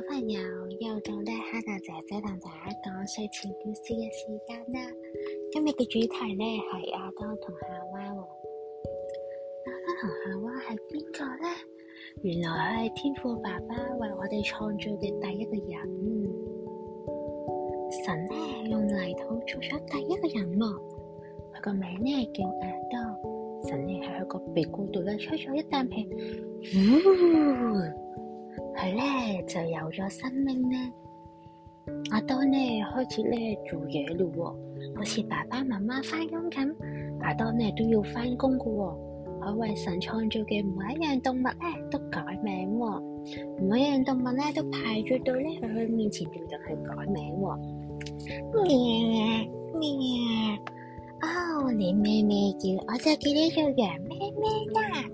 小朋友，又到呢，哈娜姐姐同大家講睡前故事嘅時間啦。今日嘅主題呢，係亞當同夏娃哦。亞當同夏娃係邊個呢？原來佢係天父爸爸為我哋創造嘅第一個人。神呢，用泥土做咗第一個人，佢個名呢，叫亞當。神呢，喺佢個鼻哥度呢，吹咗一啖氣。嗯佢咧就有咗生命咧，亞當咧開始咧做嘢了，哦，好似爸爸媽媽返工咁，亞當咧都要返工噶，佢為神創造嘅每一樣動物咧都改名，哦，每一樣動物咧都排住到咧佢去面前度度佢改名，哦，咩咩哦，你咩咩叫？我就叫你羊咩咩啦，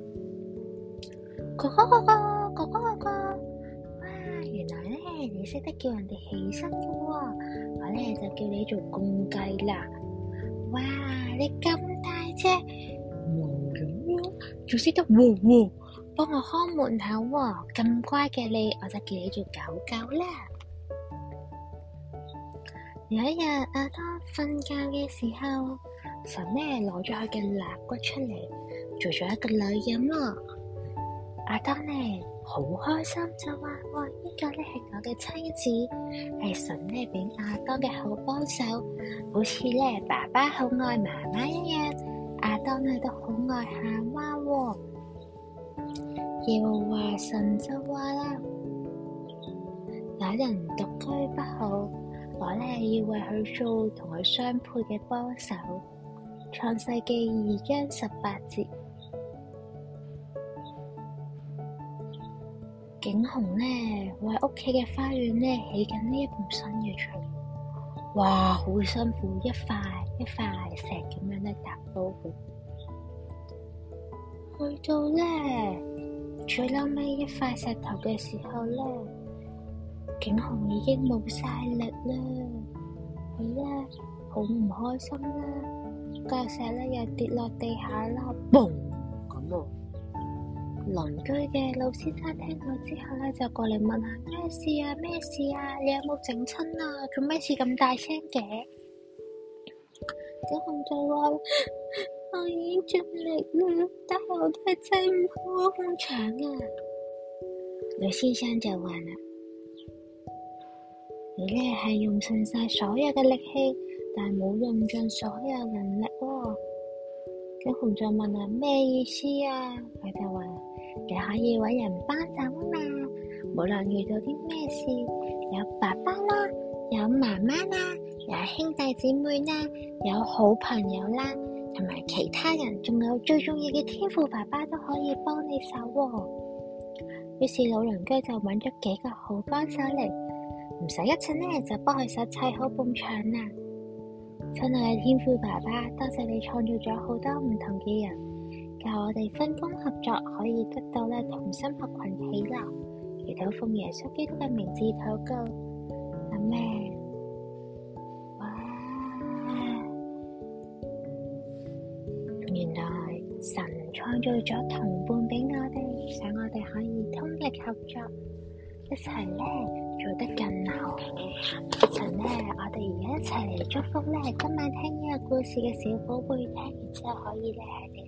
咕咕咕原來咧你識得叫人哋起身嘅喎，我咧就叫你做公雞啦。哇，你咁大隻，忙咁樣仲識得汪汪，幫、 嗯嗯嗯、我開門口喎、哦。咁乖嘅你，我就叫你做狗狗啦。有 一日阿當瞓覺嘅時候，神咧攞咗佢嘅肋骨出嚟，做咗一個女人咯。阿當咧。好開心就話：呢個咧係我嘅妻子，係神咧畀亞當嘅好幫手，好似咧爸爸好愛媽媽一樣，亞當佢都好愛夏娃。哦。又話神就話啦：有人獨居不好，我咧要為佢做同佢相配嘅幫手。創世記二章十八節。景洪呢，我喺屋企嘅花園呢起緊呢一半新嘅牆，哇，好辛苦，一塊一塊石咁樣咧，搭到去，去到咧最後尾一塊石頭嘅時候咧，景洪已經冇晒力啦，佢呢，好唔開心啦，個石咧又跌落地下啦，嘣！鄰居嘅老先生聽到之後咧，就過嚟問下咩事啊，咩事啊，你有冇整親啊？做咩事咁大聲嘅？小熊就話： 我已經盡力啦，但係我都係整唔好個工廠啊。老先生就話啦： 你咧係用盡晒所有嘅力氣，但係冇用盡所有能力喎。小熊就問啦，咩意思啊？佢就話。你可以揾人幫手吖嘛，無論遇到啲咩事，有爸爸啦，有媽媽啦，有兄弟姊妹啦，有好朋友啦，同埋其他人，仲有最重要嘅天父爸爸都可以幫你手啊。於是老鄰居就揾咗幾個好幫手嚟，唔使一陣呢，就幫佢手砌好半牆啦。真係天父爸爸，多謝你創造咗好多唔同嘅人。由我哋分工合作，可以得到咧同心合群喜樂。祈求奉耶穌基督嘅名字禱告，咁咧哇！原來神創造咗同伴俾我哋，想我哋可以通力合作，一齊咧做得更好。一齊咧，我哋而家一齊嚟祝福咧，今晚聽呢個故事嘅小寶貝聽完之後可以咧喺你。